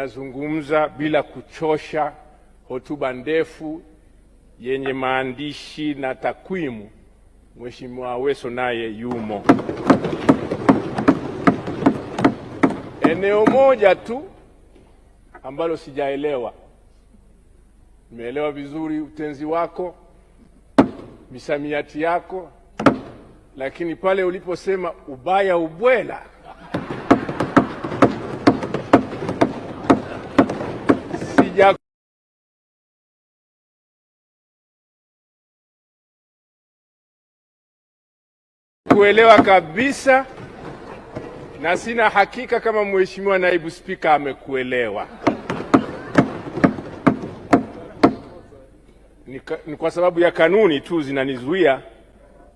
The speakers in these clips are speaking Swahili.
Nazungumza bila kuchosha, hotuba ndefu yenye maandishi na takwimu. Mheshimiwa Aweso naye yumo. Eneo moja tu ambalo sijaelewa. Nimeelewa vizuri utenzi wako, misamiati yako, lakini pale uliposema ubaya ubwela kuelewa kabisa, na sina hakika kama mheshimiwa naibu spika amekuelewa. Ni kwa sababu ya kanuni tu zinanizuia,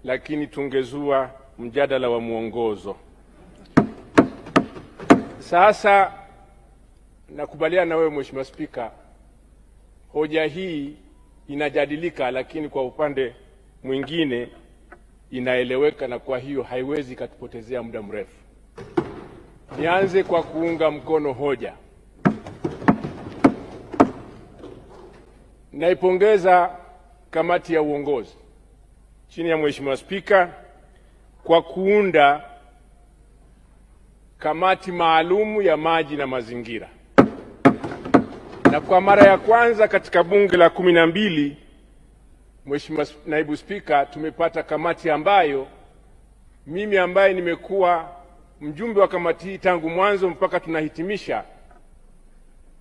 lakini tungezua mjadala wa mwongozo. Sasa nakubaliana na wewe mheshimiwa spika, hoja hii inajadilika, lakini kwa upande mwingine inaeleweka, na kwa hiyo haiwezi ikatupotezea muda mrefu. Nianze kwa kuunga mkono hoja. Naipongeza kamati ya uongozi chini ya Mheshimiwa Spika kwa kuunda kamati maalumu ya maji na mazingira, na kwa mara ya kwanza katika bunge la kumi na mbili Mheshimiwa Naibu Spika, tumepata kamati ambayo mimi ambaye nimekuwa mjumbe wa kamati hii tangu mwanzo mpaka tunahitimisha,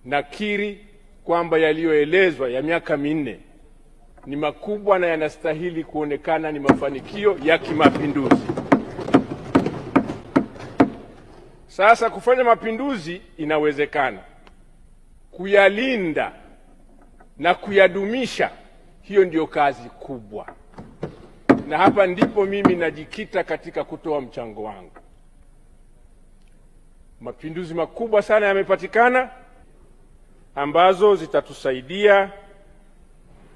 nakiri kwamba yaliyoelezwa ya miaka minne ni makubwa na yanastahili kuonekana ni mafanikio ya kimapinduzi. Sasa kufanya mapinduzi inawezekana, kuyalinda na kuyadumisha hiyo ndiyo kazi kubwa, na hapa ndipo mimi najikita katika kutoa mchango wangu. Mapinduzi makubwa sana yamepatikana, ambazo zitatusaidia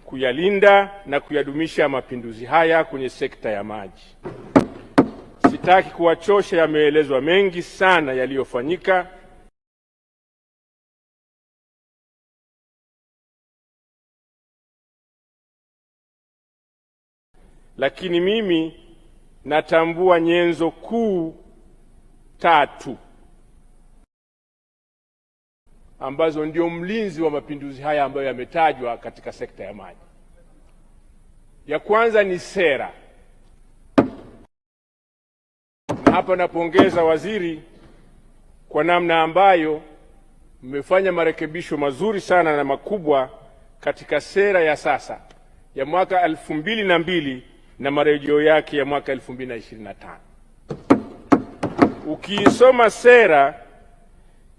kuyalinda na kuyadumisha mapinduzi haya kwenye sekta ya maji. Sitaki kuwachosha, yameelezwa mengi sana yaliyofanyika. lakini mimi natambua nyenzo kuu tatu ambazo ndio mlinzi wa mapinduzi haya ambayo yametajwa katika sekta ya maji. Ya kwanza ni sera, na hapa napongeza waziri kwa namna ambayo mmefanya marekebisho mazuri sana na makubwa katika sera ya sasa ya mwaka elfu mbili na mbili na marejeo yake ya mwaka 2025. Ukiisoma sera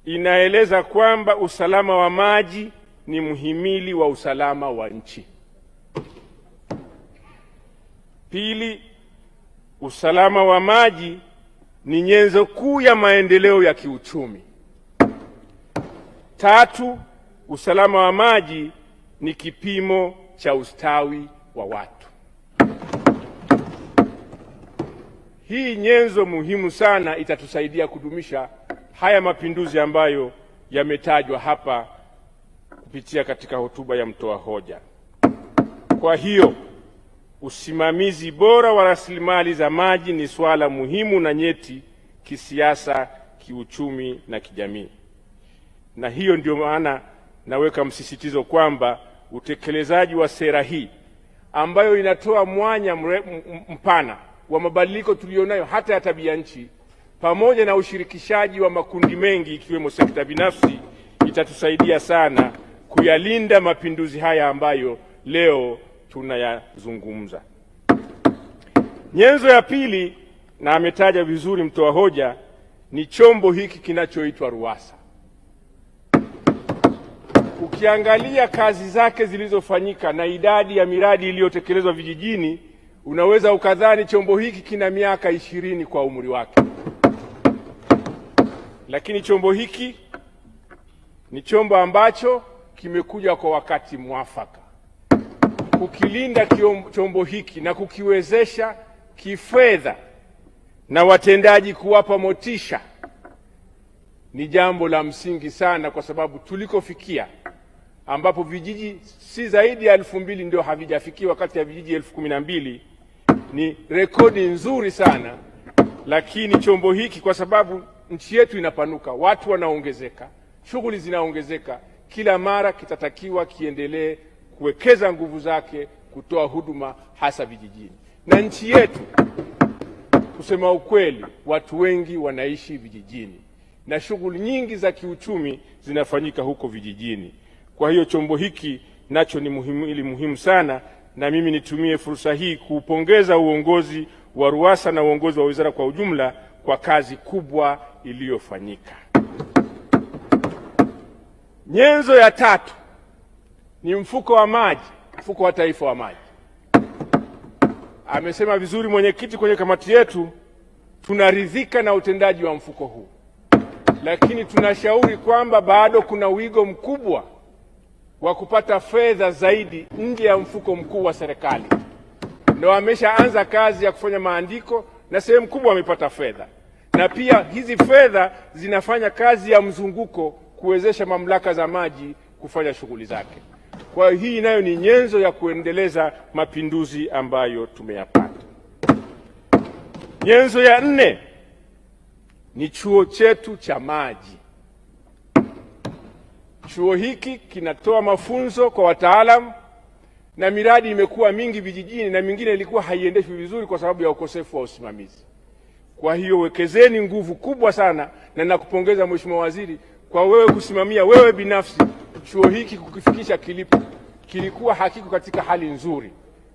inaeleza kwamba usalama wa maji ni mhimili wa usalama wa nchi. Pili, usalama wa maji ni nyenzo kuu ya maendeleo ya kiuchumi. Tatu, usalama wa maji ni kipimo cha ustawi wa watu. Hii nyenzo muhimu sana itatusaidia kudumisha haya mapinduzi ambayo yametajwa hapa kupitia katika hotuba ya mtoa hoja. Kwa hiyo usimamizi bora wa rasilimali za maji ni suala muhimu na nyeti kisiasa, kiuchumi na kijamii, na hiyo ndio maana naweka msisitizo kwamba utekelezaji wa sera hii ambayo inatoa mwanya mpana wa mabadiliko tuliyonayo hata ya tabia nchi pamoja na ushirikishaji wa makundi mengi ikiwemo sekta binafsi itatusaidia sana kuyalinda mapinduzi haya ambayo leo tunayazungumza. Nyenzo ya pili, na ametaja vizuri mtoa hoja, ni chombo hiki kinachoitwa RUWASA. Ukiangalia kazi zake zilizofanyika na idadi ya miradi iliyotekelezwa vijijini Unaweza ukadhani chombo hiki kina miaka ishirini kwa umri wake, lakini chombo hiki ni chombo ambacho kimekuja kwa wakati mwafaka. Kukilinda chombo hiki na kukiwezesha kifedha na watendaji kuwapa motisha ni jambo la msingi sana, kwa sababu tulikofikia ambapo vijiji si zaidi ya elfu mbili ndio havijafikiwa kati ya vijiji elfu kumi na mbili ni rekodi nzuri sana, lakini chombo hiki kwa sababu nchi yetu inapanuka, watu wanaongezeka, shughuli zinaongezeka, kila mara kitatakiwa kiendelee kuwekeza nguvu zake kutoa huduma hasa vijijini. Na nchi yetu, kusema ukweli, watu wengi wanaishi vijijini na shughuli nyingi za kiuchumi zinafanyika huko vijijini. Kwa hiyo chombo hiki nacho ni muhimu, muhimu sana, na mimi nitumie fursa hii kuupongeza uongozi wa RUWASA na uongozi wa wizara kwa ujumla kwa kazi kubwa iliyofanyika. Nyenzo ya tatu ni mfuko wa maji, mfuko wa taifa wa maji. Amesema vizuri mwenyekiti kwenye kamati yetu, tunaridhika na utendaji wa mfuko huu, lakini tunashauri kwamba bado kuna wigo mkubwa wa kupata fedha zaidi nje ya mfuko mkuu wa serikali, na wameshaanza kazi ya kufanya maandiko na sehemu kubwa wamepata fedha, na pia hizi fedha zinafanya kazi ya mzunguko kuwezesha mamlaka za maji kufanya shughuli zake. Kwa hiyo hii nayo ni nyenzo ya kuendeleza mapinduzi ambayo tumeyapata. Nyenzo ya nne ni chuo chetu cha maji. Chuo hiki kinatoa mafunzo kwa wataalamu na miradi imekuwa mingi vijijini na mingine ilikuwa haiendeshwi vizuri kwa sababu ya ukosefu wa usimamizi. Kwa hiyo wekezeni nguvu kubwa sana, na nakupongeza Mheshimiwa Waziri kwa wewe kusimamia wewe binafsi chuo hiki kukifikisha kilipo. Kilikuwa hakiko katika hali nzuri,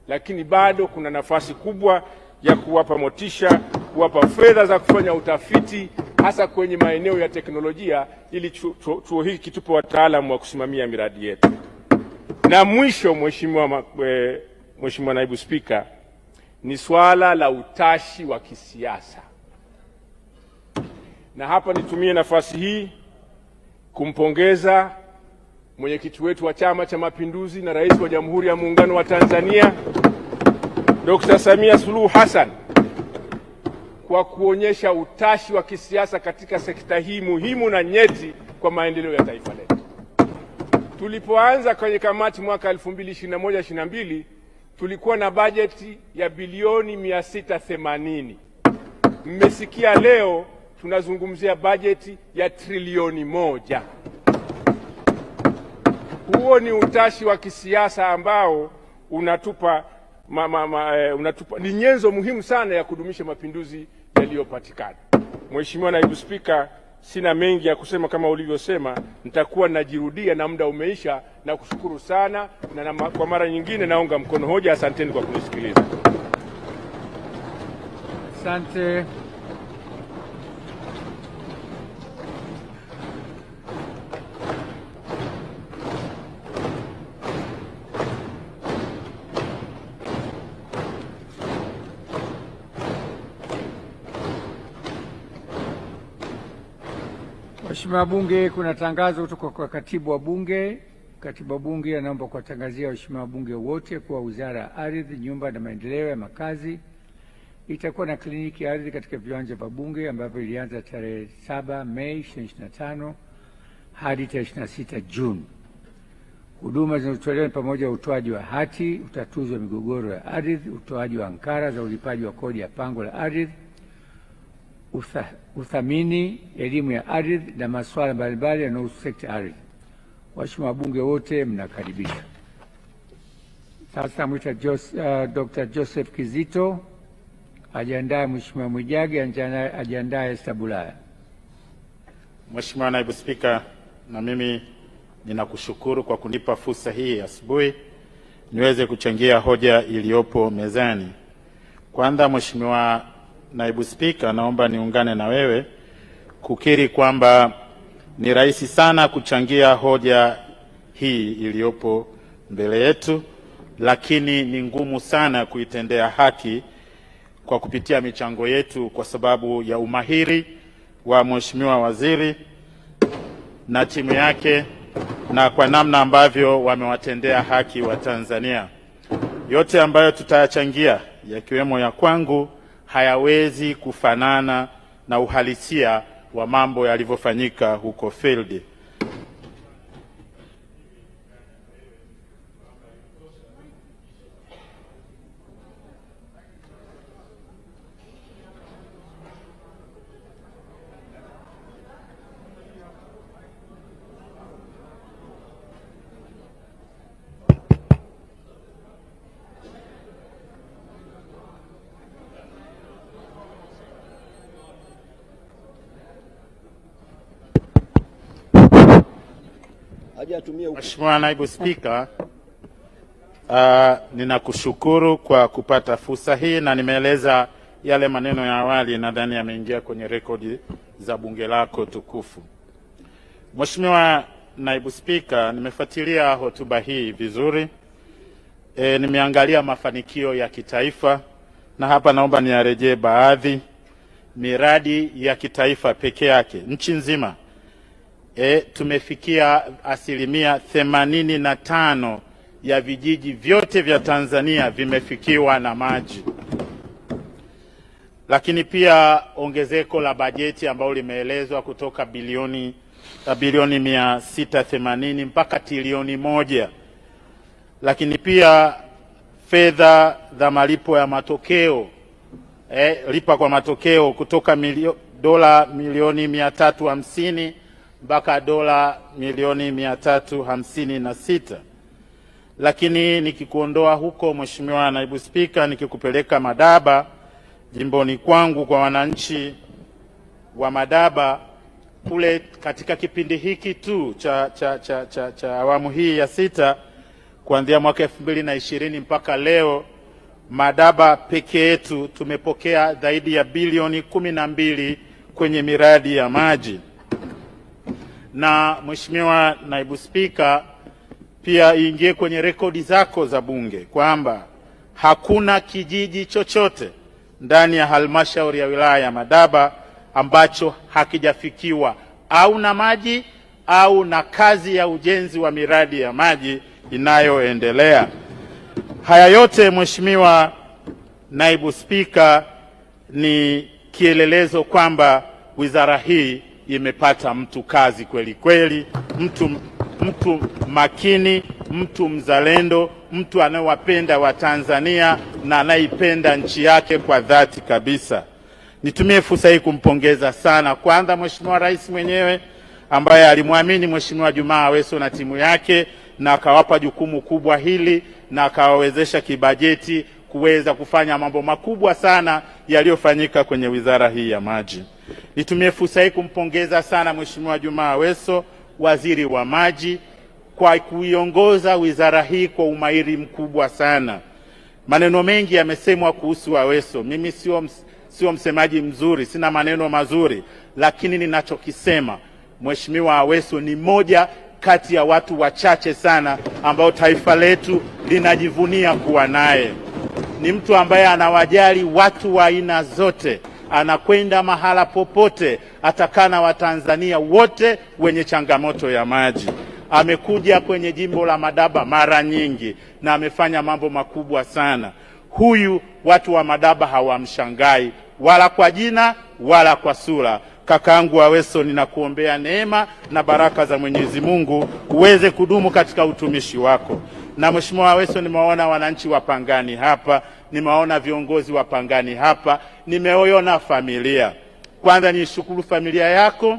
lakini bado kuna nafasi kubwa ya kuwapa motisha, kuwapa fedha za kufanya utafiti hasa kwenye maeneo ya teknolojia, ili chuo hiki tupe wataalamu wa kusimamia miradi yetu. Na mwisho, mheshimiwa eh, mheshimiwa naibu spika, ni swala la utashi wa kisiasa, na hapa nitumie nafasi hii kumpongeza mwenyekiti wetu wa Chama cha Mapinduzi na rais wa Jamhuri ya Muungano wa Tanzania Dr. Samia Suluhu Hassan wa kuonyesha utashi wa kisiasa katika sekta hii muhimu na nyeti kwa maendeleo ya taifa letu. Tulipoanza kwenye kamati mwaka 2021 2022 tulikuwa na bajeti ya bilioni 680. Mmesikia leo tunazungumzia bajeti ya trilioni moja. Huo ni utashi wa kisiasa ambao unatupa, ma, ma, ma, eh, unatupa ni nyenzo muhimu sana ya kudumisha mapinduzi yaliyopatikana. Mheshimiwa Naibu Spika, sina mengi ya kusema kama ulivyosema, nitakuwa najirudia na muda umeisha, na kushukuru sana na, na kwa mara nyingine naunga mkono hoja. Asanteni kwa kunisikiliza. Asante. Waheshimiwa Bunge, kuna tangazo kutoka kwa katibu wa Bunge. Katibu wa Bunge anaomba kuwatangazia waheshimiwa wabunge wote kuwa Wizara ya Ardhi, Nyumba na Maendeleo ya Makazi itakuwa na kliniki ya ardhi katika viwanja vya Bunge ambavyo ilianza tarehe 7 Mei 2025 hadi tarehe 26 Juni. Huduma zinazotolewa ni pamoja na utoaji wa hati, utatuzi wa migogoro ya ardhi, utoaji wa ankara za ulipaji wa kodi ya pango la ardhi uthamini elimu ya ardhi na masuala mbalimbali yanayohusu sekta ardhi. Waheshimiwa wabunge wote mnakaribisha. Sasa mwita Jos, uh, Dr. Joseph Kizito ajiandaye, Mheshimiwa Mwijage ajiandaye, Esther Bulaya. Mheshimiwa Naibu Spika, na mimi ninakushukuru kwa kunipa fursa hii asubuhi niweze kuchangia hoja iliyopo mezani. Kwanza Mheshimiwa Naibu Spika, naomba niungane na wewe kukiri kwamba ni rahisi sana kuchangia hoja hii iliyopo mbele yetu, lakini ni ngumu sana kuitendea haki kwa kupitia michango yetu kwa sababu ya umahiri wa Mheshimiwa Waziri na timu yake na kwa namna ambavyo wamewatendea haki wa Tanzania. Yote ambayo tutayachangia yakiwemo ya kwangu hayawezi kufanana na uhalisia wa mambo yalivyofanyika huko Felde. aje atumie huko. Mheshimiwa Naibu Spika, uh, ninakushukuru kwa kupata fursa hii na nimeeleza yale maneno ya awali, nadhani yameingia kwenye rekodi za bunge lako tukufu. Mheshimiwa Naibu Spika, nimefuatilia hotuba hii vizuri. E, nimeangalia mafanikio ya kitaifa na hapa naomba niarejee baadhi. Miradi ya kitaifa peke yake nchi nzima e, tumefikia asilimia themanini na tano ya vijiji vyote vya Tanzania vimefikiwa na maji. Lakini pia ongezeko la bajeti ambayo limeelezwa kutoka bilioni bilioni mia sita themanini mpaka trilioni moja. Lakini pia fedha za malipo ya matokeo eh, lipa kwa matokeo kutoka milio, dola milioni mia mpaka dola milioni mia tatu hamsini na sita. Lakini nikikuondoa huko, Mheshimiwa Naibu Spika, nikikupeleka Madaba jimboni kwangu kwa wananchi wa Madaba kule, katika kipindi hiki tu cha, cha, cha, cha, cha awamu hii ya sita kuanzia mwaka elfu mbili na ishirini mpaka leo Madaba peke yetu tumepokea zaidi ya bilioni kumi na mbili kwenye miradi ya maji na Mheshimiwa Naibu Spika, pia iingie kwenye rekodi zako za Bunge kwamba hakuna kijiji chochote ndani ya halmashauri ya wilaya ya Madaba ambacho hakijafikiwa au na maji au na kazi ya ujenzi wa miradi ya maji inayoendelea. Haya yote Mheshimiwa Naibu Spika, ni kielelezo kwamba wizara hii imepata mtu kazi kweli kweli, mtu, mtu makini, mtu mzalendo, mtu anayewapenda Watanzania na anayeipenda nchi yake kwa dhati kabisa. Nitumie fursa hii kumpongeza sana kwanza Mheshimiwa Rais mwenyewe ambaye alimwamini Mheshimiwa Jumaa Aweso na timu yake na akawapa jukumu kubwa hili na akawawezesha kibajeti kuweza kufanya mambo makubwa sana yaliyofanyika kwenye wizara hii ya maji. Nitumie fursa hii kumpongeza sana Mheshimiwa Juma Aweso, waziri wa maji, kwa kuiongoza wizara hii kwa umahiri mkubwa sana. Maneno mengi yamesemwa kuhusu Aweso. Mimi sio sio msemaji mzuri, sina maneno mazuri, lakini ninachokisema, Mheshimiwa Aweso ni moja kati ya watu wachache sana ambao taifa letu linajivunia kuwa naye. Ni mtu ambaye anawajali watu wa aina zote anakwenda mahala popote, atakaa na Watanzania wote wenye changamoto ya maji. Amekuja kwenye jimbo la Madaba mara nyingi na amefanya mambo makubwa sana. Huyu watu wa Madaba hawamshangai wala kwa jina wala kwa sura. Kakaangu Aweso, ninakuombea neema na baraka za Mwenyezi Mungu uweze kudumu katika utumishi wako na Mheshimiwa Weso, nimewaona wananchi wa Pangani hapa, nimewaona viongozi wa Pangani hapa, nimeona familia. Kwanza niishukuru familia yako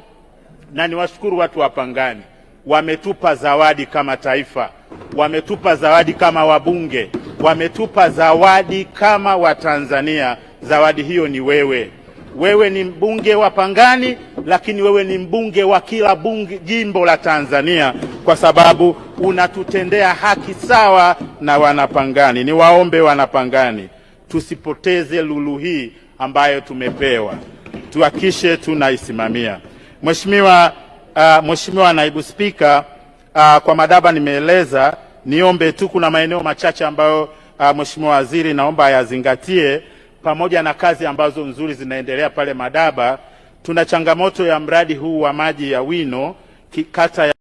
na niwashukuru watu wa Pangani, wametupa zawadi kama taifa, wametupa zawadi kama wabunge, wametupa zawadi kama Watanzania. Zawadi hiyo ni wewe wewe ni mbunge wa Pangani, lakini wewe ni mbunge wa kila bunge jimbo la Tanzania, kwa sababu unatutendea haki sawa na Wanapangani. Niwaombe Wanapangani, tusipoteze lulu hii ambayo tumepewa, tuhakishe tunaisimamia. Mheshimiwa uh, Mheshimiwa Naibu Spika, uh, kwa madaba nimeeleza, niombe tu, kuna maeneo machache ambayo uh, Mheshimiwa Waziri naomba ayazingatie pamoja na kazi ambazo nzuri zinaendelea pale Madaba, tuna changamoto ya mradi huu wa maji ya Wino kata ya